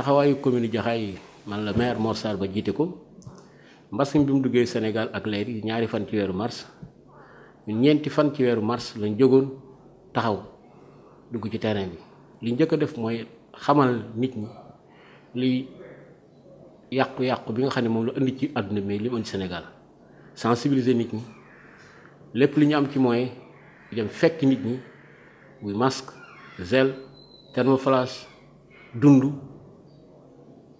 taxawaayu commune Jaxaay man la maire Mor Sarr ba jiite ko mbas mi bi mu duggee Sénégal ak léegi ñaari fan ci weeru mars ñun ñeenti fan ci weeru mars lañ jógoon taxaw dugg ci terrain bi li njëkk a def mooy xamal nit ñi li yàqu-yàqu bi nga xam ne moom la indi ci àdduna bi li mu indi Sénégal sensibilisé nit ñi lépp li ñu am ci moyen dem fekk nit ñi muy masque gel thermoflash dund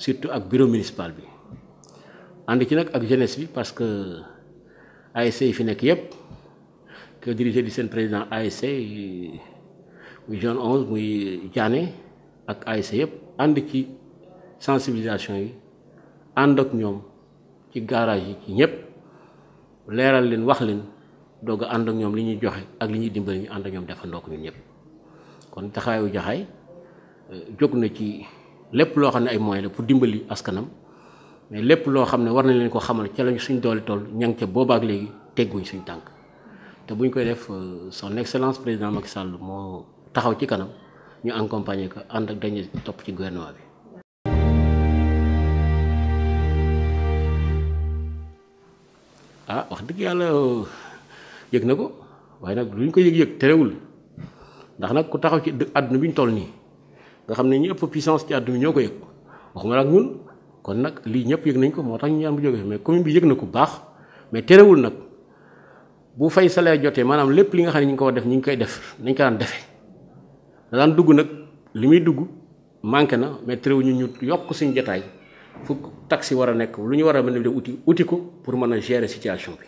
surtout ak bureau municipal bi ànd ci nag ak jeunesse bi parce que ASC yi fi nekk yëpp que dirigé di seen président ASC muy John 11 muy jaane ak ASC yëpp ànd ci sensibilisation yi ànd ak ñoom ci garage yi ci ñëpp leeral leen wax leen doog ànd ak ñoom li ñuy joxe ak li ñuy dimbali ñu ànd ñoom defandoo ko ñun ñëpp kon taxawaayu jaxaay euh, jóg na ci. lépp loo xam ne ay moyens la pour dimbali askanam mais lépp loo xam ne war na leen ko xamal ca lañ suñ doole toll ña ngi ca boobaak léegi tegguñ suñ tànk te buñ koy def euh, son excellence président Macky Sall moo taxaw ci kanam ñu accompagner ko ànd ak dañuy topp ci gouvernement bi ah wax dëgg yàlla euh, yëg na ko waaye nag luñ ko yëg-yëg terewul ndax nag ku taxaw ci àdduna bi ñu toll nii nga xam ne ñu ëpp puissance ci àdduna ñoo ko yëg waxuma la ak ñun kon nag lii ñëpp yëg nañ ko moo tax ñu jógee mais commune bi yëg na ko baax mais terewul nag bu fay salaire jotee maanaam lépp li nga xam ne ñu ngi ko def ñu ngi koy def nañ ko daan defee da daan dugg nag li muy dugg manqué na mais terewul ñu ñu yokk suñu jotaay tax si war a nekk lu ñu war a mën a uti uti ko pour mën a gérer situation bi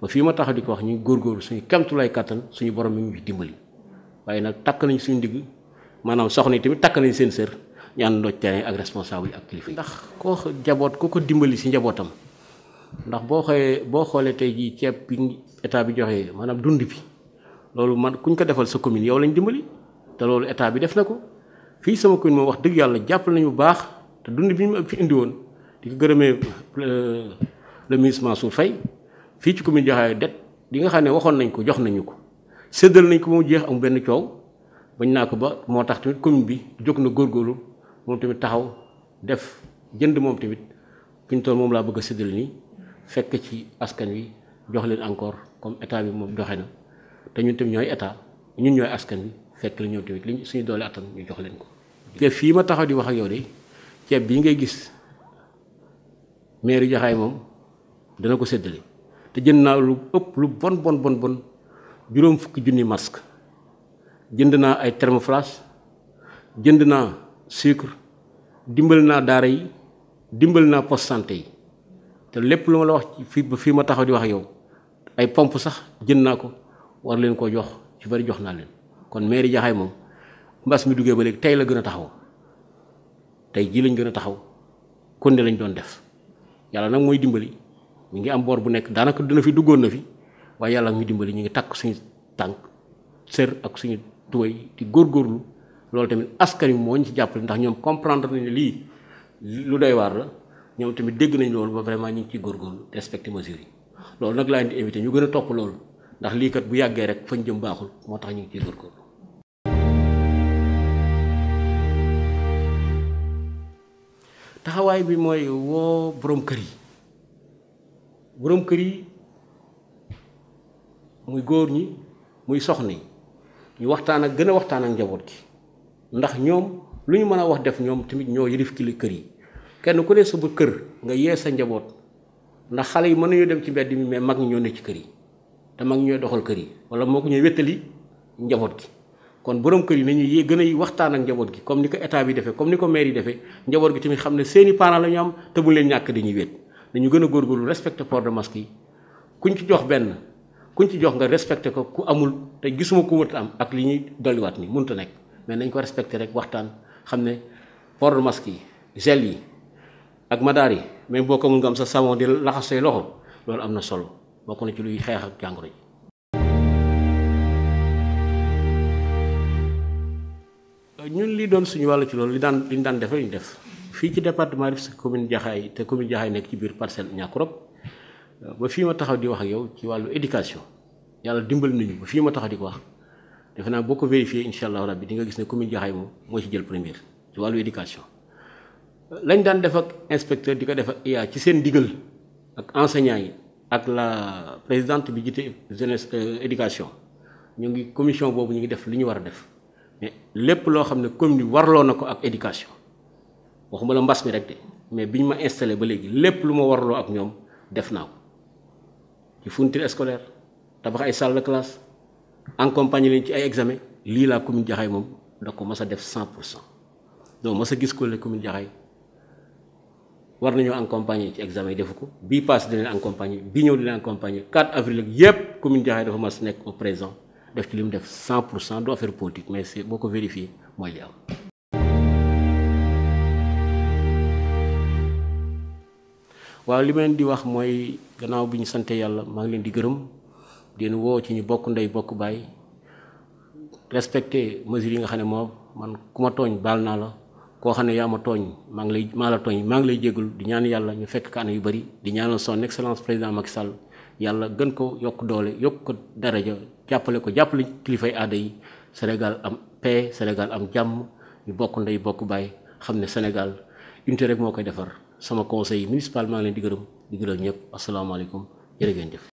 ba fii ma tax di ko wax ñu góorgóorlu suñu kamtulaay kàttan suñu borom mi ngi dimbali waaye nag takk nañ suñu digg. maanaam soxna yi tamit takk nañ seen sër ñu àndandoo terrain ak responsable yi ak kilifa ndax koo jaboot ku ko dimbali si njabootam ndax boo xoolee boo xoolee tey jii ceeb bi état bi joxee maanaam dund bi loolu man kuñ ko defal sa commune yow lañ dimbali te loolu état bi def na ko fii sama commune moom wax dëgg yàlla jàppale nañu bu baax te dund bi ñu fi indi woon di ko gërëmee euh, le ministre Mansour Faye fii ci commune Jaxaay det li nga xam ne waxoon nañ ko jox nañu ko séddal nañ ko moom jeex am benn coow. bañ naa ko ba moo tax tamit commune bi jóg na góorgóorlu moom tamit taxaw def jënd moom tamit fi ñu moom laa bëgg a séddale ni fekk ci askan wi jox leen encore comme état bi moom joxe na te ñun tamit ñooy état ñun ñooy askan wi fekk la ñoom tamit liñ suñu doole atam ñu jox leen ko. fii ma taxaw di wax ak yow de ceeb bii ngay gis maire Jaxaay moom dana ko séddale te jënd naa lu ëpp lu bon bon bon bon juróom fukki junni masque jënd naa ay thermoflash jënd naa sucre dimbal naa daara yi dimbali naa poste santé yi te lépp lu ma la wax fi ba fii ma taxaw di wax yow ay pomp sax jën naa ko war leen koo jox ci bari jox naa leen kon mairie Jaxaay moom mbas mi duggee ba léegi tey la gën a taxaw tey jii lañ gën a taxaw kon ne lañ doon def yàlla nag mooy dimbali mu ngi am boor bu nekk daanaka dina fi duggoon na fi waaye yàlla ngi dimbali ñu ngi takk suñu tànk sër ak suñu tubéy di góorgóorlu loolu tamit askan wi moo ñu ci jàppale ndax ñoom comprendre nañ lii lu doy waar la ñoom tamit dégg nañ loolu ba vraiment ñu ngi ciy góorgóorlu te respecté mesures yi loolu nag laa leen di ñu gën a topp loolu ndax liikat bu yàggee rek fañ jëm baaxul moo tax ñu ngi ciy góorgóorlu. taxawaay bi mooy woo boroom kër yi boroom kër yi muy góor ñi muy soxna yi ñu waxtaan ak gën a waxtaan ak njaboot gi ndax ñoom lu ñu mën a wax def ñoom tamit ñoo yëlif kili kër yi kenn ku ne sa bu kër nga yee sa njaboot ndax xale yi mën nañu dem ci mbedd mi mais mag ñi ñoo ne ci kër yi te mag ñooy doxal kër yi wala moo ko ñooy wéttali njaboot gi kon borom kër yi nañu yee gën a waxtaan ak njaboot gi comme ni ko état bi defee comme ni ko maire yi defee njaboot gi tamit xam ne seeni parents la ñu am te bu leen ñàkk dañuy wét dañu gën a góorgóorlu respecté de masque yi ci jox benn kuñ ci jox nga respecté ko ku amul te gisuma ku wërta am ak li ñuy dolliwaat ni mënut a nekk mais nañ ko respecté rek waxtaan xam ne port de masque yi gel yi ak madaar yi même boo ko nga am sa savon di laxas say loxo loolu am na solo bokk na ci luy xeex ak jàngoro ji ñun li doon suñu wàll ci loolu li daan li ñu daan def ñu def fii ci département Rufisque commune Jaxaay te commune Jaxaay nekk ci biir parcelle ñàkkurop ba fii ma taxaw di wax ak yow ci wàllu éducation yàlla dimbal nañu ba fii ma taxaw di ko wax defe naa boo ko vérifié incha allah rabbi di nga gis ne commune Jaxaay moom moo ci jël première ci wàllu éducation. lañ daan def ak inspecteur di ko def ak IA ci seen diggal ak enseignants yi ak la présidente bi jiite jeunesse euh, éducation ñu ngi commission boobu ñu ngi def li ñu war a def lépp loo xam ne commune bi warloo na ko ak éducation waxuma la mbas mi rek de mais biñ ma installé ba léegi lépp lu ma warloo ñoom def naa ci fourniture scolaire tabax ay salle de classe il leen ci ay examen lii la commune da ko def donc mas gis ko la commune war ci examen defu ko 4 avril ak commune dafa mas au présent def ci li mu politique mais c'est beaucoup ko vérifié waaw li ma leen di wax mooy gannaaw bi ñu sante yàlla maa ngi leen di gërëm di leen woo ci ñu bokk ndey bokk baay respecté mesures yi nga xam ne moom man ku ma tooñ baal naa la koo xam ne yaa ma tooñ maa ngi lay maa la tooñ maa ngi lay jégalu di ñaan yàlla ñu fekk kaan yu bari di ñaanal son excellence président Macky sal yàlla gën ko yokk doole yokk ko daraja jàppale ko jàppale kilifay aada yi Sénégal am paix Sénégal am jàmm ñu bokk ndey bokk baay xam ne Sénégal unité moo koy defar. sama conseil municipal maa ngi leen di gërëm di gërëm ñëpp asalaamaaleykum jërë ngeen jëf.